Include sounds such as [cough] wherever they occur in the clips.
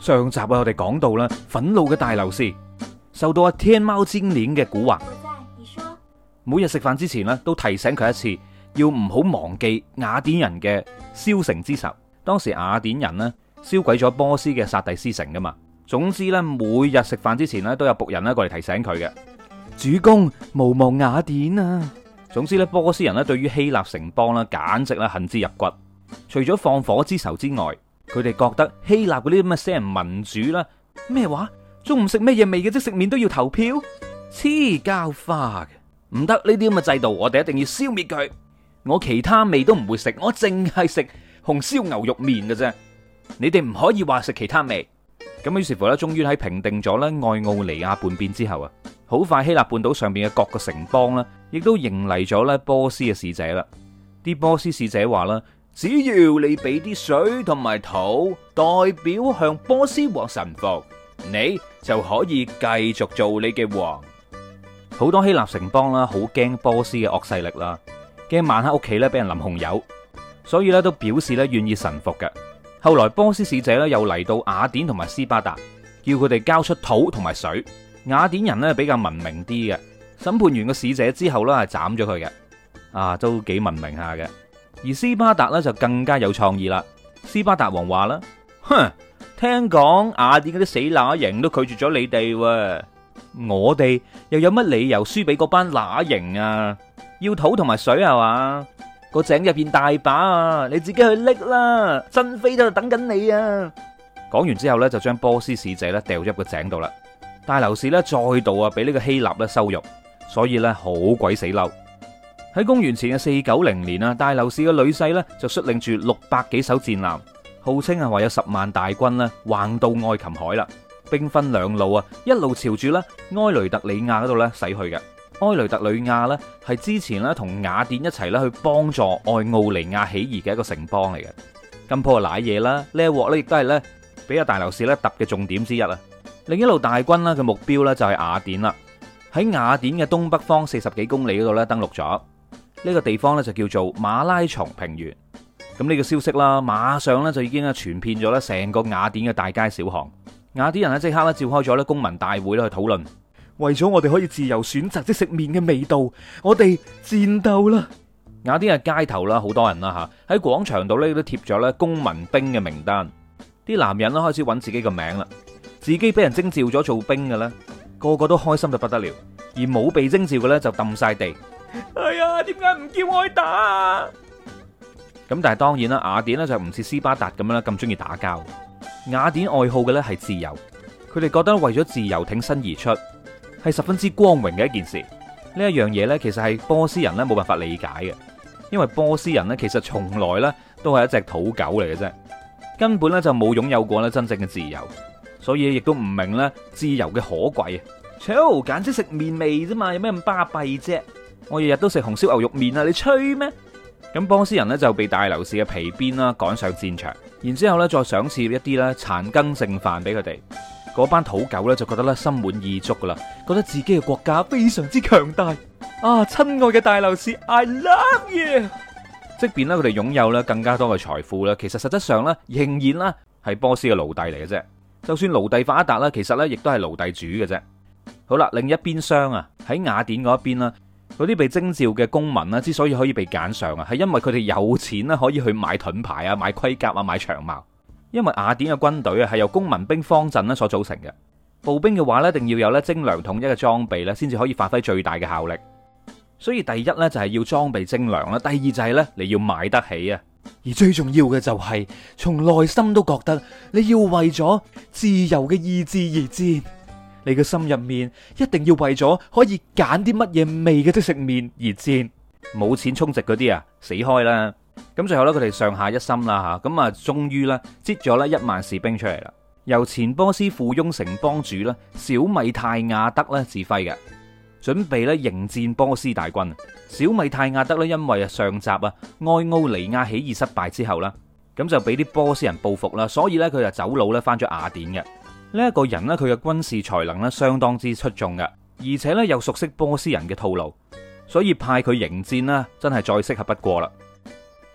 上集我哋講到啦，憤怒嘅大流士受到阿天貓精靈嘅蠱惑，每日食飯之前呢都提醒佢一次，要唔好忘記雅典人嘅燒城之仇。當時雅典人呢，燒鬼咗波斯嘅薩蒂斯城噶嘛。總之呢，每日食飯之前呢，都有僕人咧過嚟提醒佢嘅。主公，無忘雅典啊！總之呢，波斯人咧對於希臘城邦呢，簡直呢恨之入骨。除咗放火之仇之外，佢哋覺得希臘嗰啲咁嘅死人民主啦，咩話？中午食咩嘢味嘅？即食麵都要投票，黐膠花嘅，唔得呢啲咁嘅制度，我哋一定要消滅佢。我其他味都唔會食，我淨係食紅燒牛肉麵㗎啫。你哋唔可以話食其他味。咁於是乎咧，終於喺平定咗咧愛奧尼亞叛變之後啊，好快希臘半島上邊嘅各個城邦啦，亦都迎嚟咗咧波斯嘅使者啦。啲波斯使者話啦。只要你俾啲水同埋土，代表向波斯王臣服，你就可以繼續做你嘅王。好多希臘城邦啦，好驚波斯嘅惡勢力啦，驚晚黑屋企咧俾人淋紅油，所以咧都表示咧願意臣服嘅。後來波斯使者咧又嚟到雅典同埋斯巴達，叫佢哋交出土同埋水。雅典人呢比較文明啲嘅，審判完個使者之後呢係斬咗佢嘅，啊都幾文明下嘅。而斯巴達咧就更加有創意啦！斯巴達王話啦：，哼，聽講雅典啲死乸型都拒絕咗你哋喎，我哋又有乜理由輸俾嗰班乸型啊？要土同埋水係嘛？個井入邊大把啊，你自己去拎啦，真飛都等緊你啊！講完之後咧，就將波斯使者咧掉入個井度啦。大流士咧再度啊俾呢個希臘咧羞辱，所以咧好鬼死嬲。喺公元前嘅四九零年啊，大流士嘅女婿咧就率領住六百幾艘戰艦，號稱啊話有十萬大軍咧，橫渡愛琴海啦，兵分兩路啊，一路朝住咧埃雷特里亞嗰度咧駛去嘅。埃雷特里亞咧係之前咧同雅典一齊咧去幫助愛奧尼亞起義嘅一個城邦嚟嘅，今鋪啊瀨嘢啦，呢一鑊咧亦都係咧俾阿大流士咧揼嘅重點之一啊。另一路大軍咧嘅目標咧就係雅典啦，喺雅典嘅東北方四十幾公里嗰度咧登陸咗。呢個地方呢，就叫做馬拉松平原。咁、這、呢個消息啦，馬上咧就已經啊，傳遍咗咧成個雅典嘅大街小巷。雅典人呢，即刻咧召開咗咧公民大會咧去討論，為咗我哋可以自由選擇即食麵嘅味道，我哋戰鬥啦！雅典嘅街頭啦，好多人啦吓，喺廣場度咧都貼咗咧公民兵嘅名單，啲男人呢，開始揾自己嘅名啦，自己俾人徵召咗做兵嘅咧，個個都開心到不得了；而冇被徵召嘅咧就抌晒地。哎呀，點解唔叫我去打啊？咁但係當然啦，雅典呢就唔似斯巴達咁樣咧，咁中意打交。雅典愛好嘅呢係自由，佢哋覺得為咗自由挺身而出係十分之光榮嘅一件事。呢一樣嘢呢其實係波斯人呢冇辦法理解嘅，因為波斯人呢其實從來呢都係一隻土狗嚟嘅啫，根本呢就冇擁有,有過呢真正嘅自由，所以亦都唔明呢自由嘅可貴。操，簡直食面味啫嘛，有咩咁巴閉啫？我日日都食紅燒牛肉麵啊！你吹咩咁？波斯人呢，就被大流士嘅皮鞭啦趕上戰場，然之後咧再賞賜一啲啦殘羹剩飯俾佢哋。嗰班土狗呢，就覺得咧心滿意足噶啦，覺得自己嘅國家非常之強大啊！親愛嘅大流士，I love you。即便呢，佢哋擁有咧更加多嘅財富咧，其實實質上呢，仍然啦係波斯嘅奴隸嚟嘅啫。就算奴隸發達啦，其實呢，亦都係奴隸主嘅啫。好啦，另一邊廂啊喺雅典嗰一邊啦。嗰啲被徵召嘅公民咧，之所以可以被揀上啊，係因為佢哋有錢啦，可以去買盾牌啊、買盔甲啊、買長矛。因為雅典嘅軍隊啊，係由公民兵方陣咧所組成嘅。步兵嘅話咧，一定要有咧精良統一嘅裝備咧，先至可以發揮最大嘅效力。所以第一咧就係要裝備精良啦，第二就係咧你要買得起啊。而最重要嘅就係從內心都覺得你要為咗自由嘅意志而戰。你嘅心入面一定要為咗可以揀啲乜嘢味嘅即食麵而戰，冇錢充值嗰啲啊，死開啦！咁最後呢，佢哋上下一心啦吓，咁啊，終於呢，積咗呢一萬士兵出嚟啦，由前波斯附庸城邦主啦，小米泰亞德咧指揮嘅，準備咧迎戰波斯大軍。小米泰亞德呢，因為啊上集啊埃奧尼亞起義失敗之後呢，咁就俾啲波斯人報復啦，所以呢，佢就走佬呢，返咗雅典嘅。呢一個人咧，佢嘅軍事才能咧相當之出眾㗎，而且咧又熟悉波斯人嘅套路，所以派佢迎戰咧，真係再適合不過啦。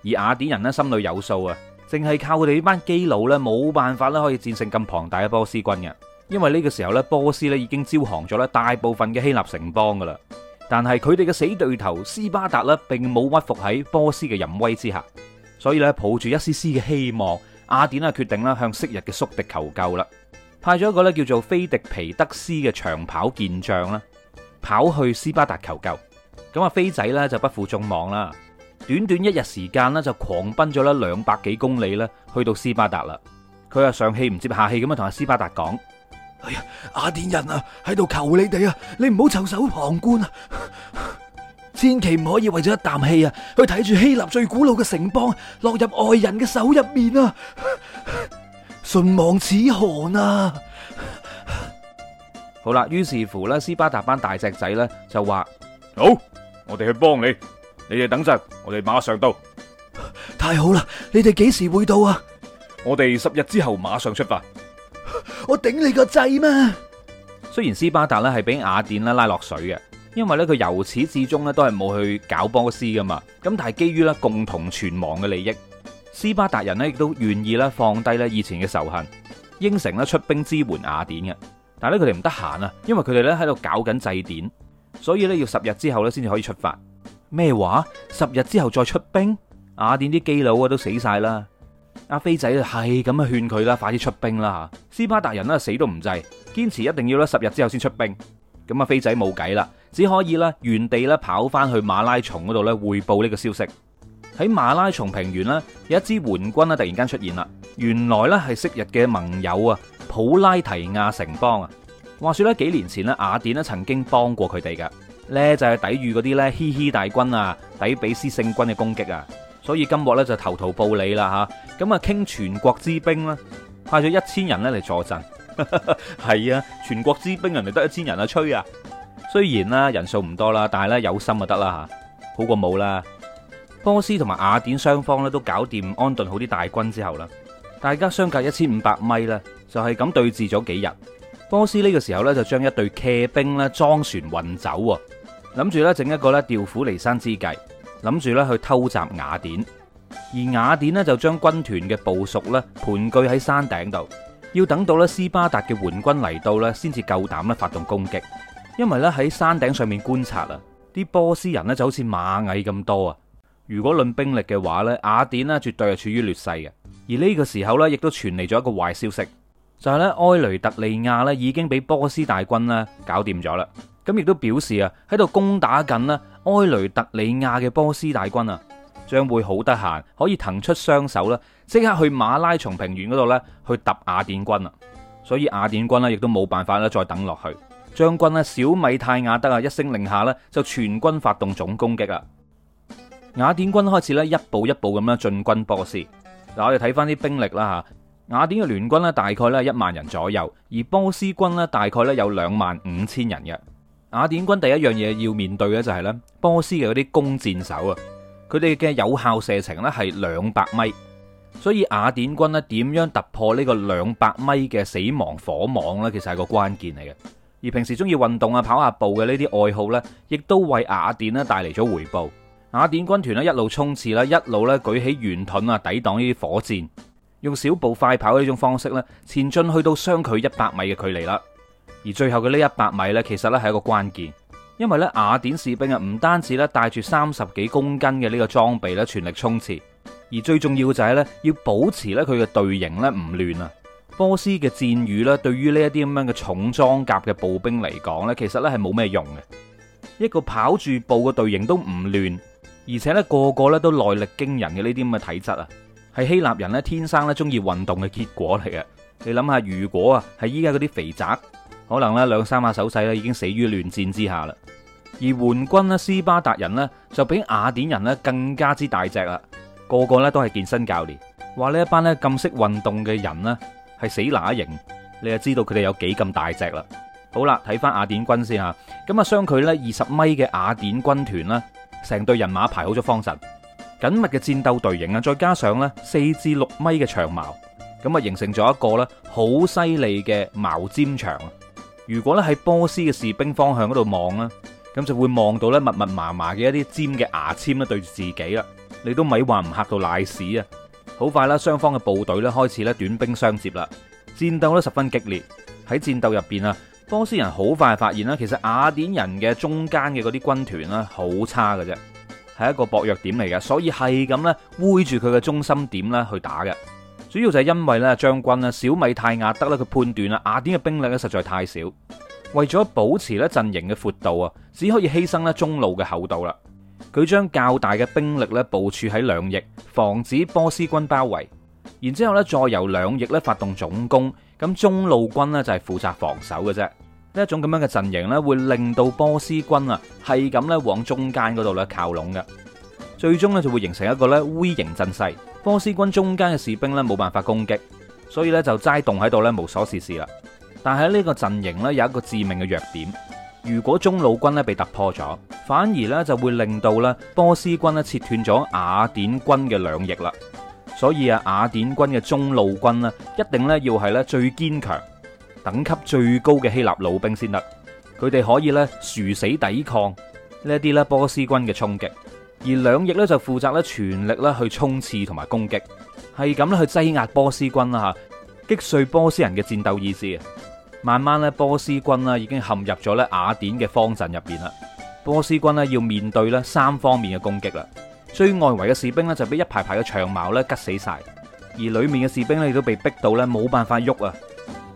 而雅典人咧心裏有數啊，淨係靠佢哋呢班基佬咧，冇辦法咧可以戰勝咁龐大嘅波斯軍嘅，因為呢個時候咧波斯咧已經招降咗咧大部分嘅希臘城邦噶啦。但係佢哋嘅死對頭斯巴達咧，並冇屈服喺波斯嘅淫威之下，所以咧抱住一絲絲嘅希望，雅典啊決定啦向昔日嘅宿敵求救啦。派咗一個咧叫做菲迪皮德斯嘅長跑健將啦，跑去斯巴達求救。咁啊，菲仔咧就不負眾望啦，短短一日時間咧就狂奔咗啦兩百幾公里咧，去到斯巴達啦。佢啊上氣唔接下氣咁啊同阿斯巴達講：哎呀，雅典人啊喺度求你哋啊，你唔好袖手旁觀啊，千祈唔可以為咗一啖氣啊，去睇住希臘最古老嘅城邦落入外人嘅手入面啊！唇亡齒寒啊！ [laughs] 好啦，於是乎呢，斯巴達班大隻仔呢就話：好，我哋去幫你，你哋等陣，我哋馬上到。太好啦！你哋幾時會到啊？我哋十日之後馬上出發。 [laughs] 我頂你個肺咩？ [laughs] 雖然斯巴達呢係俾雅典呢拉落水嘅，因為呢，佢由始至終呢都係冇去搞波斯噶嘛，咁但係基於呢共同存亡嘅利益。斯巴達人呢亦都願意咧放低咧以前嘅仇恨，應承咧出兵支援雅典嘅。但係咧佢哋唔得閒啊，因為佢哋咧喺度搞緊祭典，所以咧要十日之後咧先至可以出發。咩話？十日之後再出兵？雅典啲基佬都死晒啦！阿飛仔係咁啊，勸佢啦，快啲出兵啦嚇！斯巴達人咧死都唔制，堅持一定要咧十日之後先出兵。咁啊，飛仔冇計啦，只可以咧原地咧跑翻去馬拉松嗰度咧匯報呢個消息。喺馬拉松平原呢，有一支援軍咧突然間出現啦。原來呢係昔日嘅盟友啊，普拉提亞城邦啊。話說呢，幾年前呢，雅典咧曾經幫過佢哋噶。呢就係、是、抵禦嗰啲呢，嘻嘻大軍啊，底比斯聖軍嘅攻擊啊。所以今日呢，就投桃報李啦吓。咁啊，傾全國之兵啦，派咗一千人呢嚟助陣。係 [laughs] 啊，全國之兵人哋得一千人啊，吹啊。雖然啦人數唔多啦，但係呢，有心就得啦吓，好過冇啦。波斯同埋雅典雙方咧都搞掂安頓好啲大軍之後啦，大家相隔一千五百米咧，就係咁對峙咗幾日。波斯呢個時候咧就將一隊騎兵咧裝船運走，諗住咧整一個咧調虎離山之計，諗住咧去偷襲雅典。而雅典咧就將軍團嘅部屬咧盤踞喺山頂度，要等到咧斯巴達嘅援軍嚟到咧先至夠膽咧發動攻擊，因為咧喺山頂上面觀察啊，啲波斯人咧就好似螞蟻咁多啊。如果論兵力嘅話呢，雅典咧絕對係處於劣勢嘅。而呢個時候呢，亦都傳嚟咗一個壞消息，就係呢，埃雷特利亞咧已經俾波斯大軍咧搞掂咗啦。咁亦都表示啊，喺度攻打緊呢，埃雷特利亞嘅波斯大軍啊，將會好得閒，可以騰出雙手啦，即刻去馬拉松平原嗰度呢，去揼雅典軍啊。所以雅典軍呢，亦都冇辦法咧再等落去，將軍咧小米泰亞德啊一聲令下呢，就全軍發動總攻擊啊！雅典軍開始咧，一步一步咁樣進軍波斯嗱。我哋睇翻啲兵力啦，吓，雅典嘅聯軍咧，大概咧一萬人左右，而波斯軍咧大概咧有兩萬五千人嘅。雅典軍第一樣嘢要面對嘅就係咧波斯嘅嗰啲弓箭手啊，佢哋嘅有效射程咧係兩百米，所以雅典軍咧點樣突破呢個兩百米嘅死亡火網咧，其實係個關鍵嚟嘅。而平時中意運動啊，跑下步嘅呢啲愛好咧，亦都為雅典咧帶嚟咗回報。雅典軍團咧一路衝刺啦，一路咧舉起圓盾啊，抵擋呢啲火箭，用小步快跑呢種方式咧前進，去到相距一百米嘅距離啦。而最後嘅呢一百米咧，其實咧係一個關鍵，因為咧雅典士兵啊唔單止咧帶住三十幾公斤嘅呢個裝備咧全力衝刺，而最重要就係咧要保持咧佢嘅隊形咧唔亂啊。波斯嘅箭雨咧對於呢一啲咁樣嘅重裝甲嘅步兵嚟講咧，其實咧係冇咩用嘅。一個跑住步嘅隊形都唔亂。而且咧，個個咧都耐力驚人嘅呢啲咁嘅體質啊，係希臘人咧天生咧中意運動嘅結果嚟嘅。你諗下，如果啊係依家嗰啲肥宅，可能咧兩三下手勢咧已經死於亂戰之下啦。而援軍咧斯巴達人咧就比雅典人咧更加之大隻啦，個個咧都係健身教練。話呢一班咧咁識運動嘅人咧係死乸型，你就知道佢哋有幾咁大隻啦。好啦，睇翻雅典軍先吓，咁啊相距呢二十米嘅雅典軍團啦。成隊人馬排好咗方陣，緊密嘅戰鬥隊形啊，再加上咧四至六米嘅長矛，咁啊形成咗一個咧好犀利嘅矛尖牆。如果咧喺波斯嘅士兵方向嗰度望咧，咁就會望到咧密密麻麻嘅一啲尖嘅牙籤咧對住自己啦。你都咪話唔嚇到瀨屎啊！好快啦，雙方嘅部隊咧開始咧短兵相接啦，戰鬥咧十分激烈。喺戰鬥入邊啊。波斯人好快發現啦，其實雅典人嘅中間嘅嗰啲軍團咧好差嘅啫，係一個薄弱點嚟嘅，所以係咁咧，圍住佢嘅中心點咧去打嘅。主要就係因為咧將軍啊，小米泰亞德咧，佢判斷啦，雅典嘅兵力咧實在太少，為咗保持咧陣營嘅闊度啊，只可以犧牲咧中路嘅厚度啦。佢將較大嘅兵力咧部署喺兩翼，防止波斯軍包圍，然之後咧再由兩翼咧發動總攻。咁中路軍呢，就係負責防守嘅啫。呢一種咁樣嘅陣型呢，會令到波斯軍啊係咁呢往中間嗰度呢靠攏嘅，最終呢，就會形成一個呢 V 型陣勢。波斯軍中間嘅士兵呢，冇辦法攻擊，所以呢，就齋凍喺度呢，無所事事啦。但係呢個陣型呢，有一個致命嘅弱點，如果中路軍呢被突破咗，反而呢，就會令到呢波斯軍呢切斷咗雅典軍嘅兩翼啦。所以啊，雅典軍嘅中路軍咧，一定咧要係咧最堅強、等級最高嘅希臘老兵先得。佢哋可以咧殊死抵抗呢啲啦波斯軍嘅衝擊，而兩翼咧就負責咧全力咧去衝刺同埋攻擊，係咁去擠壓波斯軍啦嚇，擊碎波斯人嘅戰鬥意志。慢慢咧，波斯軍啦已經陷入咗咧雅典嘅方陣入邊啦。波斯軍咧要面對咧三方面嘅攻擊啦。最外圍嘅士兵呢，就俾一排排嘅長矛呢吉死晒，而裏面嘅士兵呢，亦都被逼到呢冇辦法喐啊，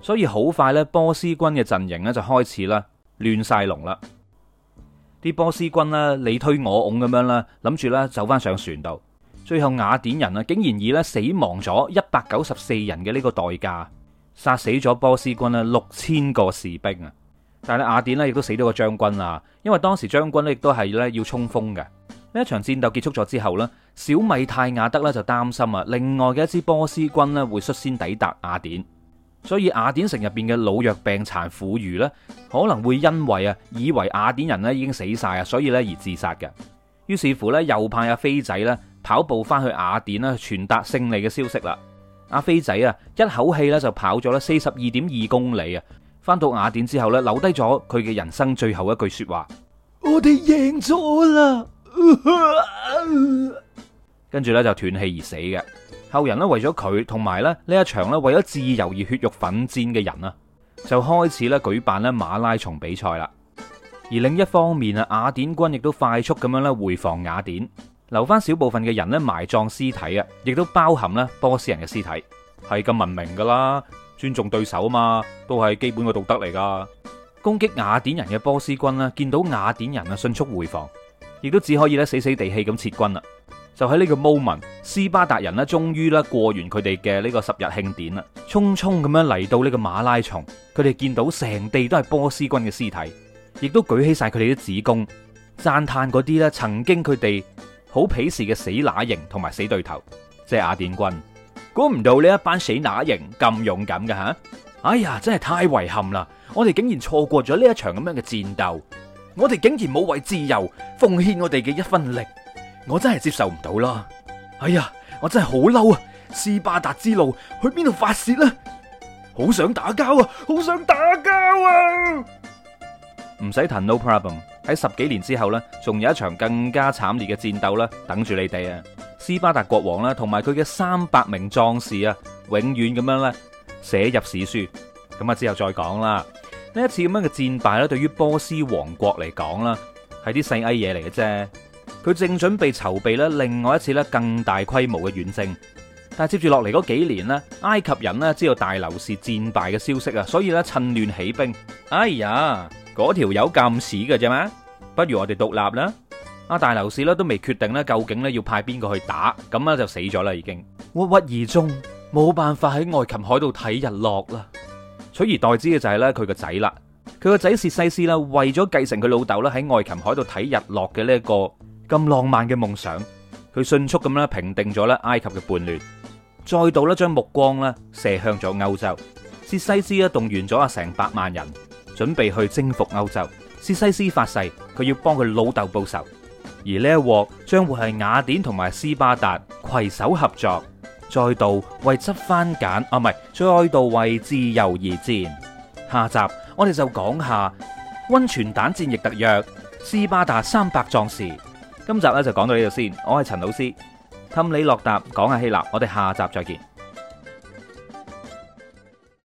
所以好快呢，波斯軍嘅陣營呢，就開始啦亂晒龍啦，啲波斯軍呢，你推我拱咁樣啦，諗住呢走翻上船度，最後雅典人啊竟然以咧死亡咗一百九十四人嘅呢個代價，殺死咗波斯軍咧六千個士兵啊，但係雅典呢，亦都死咗個將軍啦，因為當時將軍呢，亦都係咧要衝鋒嘅。呢一場戰鬥結束咗之後呢，小米泰亞德咧就擔心啊，另外嘅一支波斯軍咧會率先抵達雅典，所以雅典城入邊嘅老弱病殘婦孺咧，可能會因為啊以為雅典人咧已經死晒啊，所以咧而自殺嘅。於是乎咧，又派阿飛仔咧跑步翻去雅典啦，傳達勝利嘅消息啦。阿飛仔啊，一口氣咧就跑咗啦四十二點二公里啊，翻到雅典之後咧，留低咗佢嘅人生最後一句說話：我哋贏咗啦！跟住咧就斷氣而死嘅，後人咧，為咗佢同埋咧呢一場咧為咗自由而血肉奮戰嘅人啦，就開始咧舉辦咧馬拉松比賽啦。而另一方面啊，雅典軍亦都快速咁樣咧回防雅典，留返少部分嘅人咧埋葬屍體啊，亦都包含咧波斯人嘅屍體，係咁文明噶啦，尊重對手啊嘛，都係基本嘅道德嚟噶。攻擊雅典人嘅波斯軍啦，見到雅典人啊，迅速回防。亦都只可以咧死死地氣咁撤軍啦，就喺呢個 moment，斯巴達人咧終於咧過完佢哋嘅呢個十日慶典啦，匆匆咁樣嚟到呢個馬拉松，佢哋見到成地都係波斯軍嘅屍體，亦都舉起晒佢哋啲子宮，讚嘆嗰啲咧曾經佢哋好鄙視嘅死乸型同埋死對頭，即係雅典軍，估唔到呢一班死乸型咁勇敢嘅吓、啊，哎呀，真係太遺憾啦，我哋竟然錯過咗呢一場咁樣嘅戰鬥。我哋竟然冇為自由奉獻我哋嘅一分力，我真係接受唔到啦！哎呀，我真係好嬲啊！斯巴達之路去邊度發洩啦？好想打交啊！好想打交啊！唔使談，no problem。喺十幾年之後呢，仲有一場更加慘烈嘅戰鬥啦，等住你哋啊！斯巴達國王啦，同埋佢嘅三百名壯士啊，永遠咁樣咧寫入史書。咁啊，之後再講啦。呢一次咁樣嘅戰敗咧，對於波斯王國嚟講啦，係啲細蟻嘢嚟嘅啫。佢正準備籌備咧，另外一次咧更大規模嘅遠征。但係接住落嚟嗰幾年咧，埃及人咧知道大流士戰敗嘅消息啊，所以咧趁亂起兵。哎呀，嗰條友咁屎嘅啫嘛？不如我哋獨立啦！阿大流士咧都未決定咧，究竟咧要派邊個去打，咁啊就死咗啦已經。鬱鬱而終，冇辦法喺愛琴海度睇日落啦。取而代之嘅就係咧佢個仔啦，佢個仔薛西斯啦，為咗繼承佢老豆咧喺愛琴海度睇日落嘅呢一個咁浪漫嘅夢想，佢迅速咁咧平定咗咧埃及嘅叛亂，再度咧將目光咧射向咗歐洲。薛西斯啊動員咗啊成百萬人，準備去征服歐洲。薛西斯發誓佢要幫佢老豆報仇，而呢一鑊將會係雅典同埋斯巴達攜手合作。再度為執番簡啊，唔係再度為自由而戰。下集我哋就講下溫泉蛋戰役特約斯巴達三百壯士。今集咧就講到呢度先。我係陳老師，氹你落答講下希臘，我哋下集再見。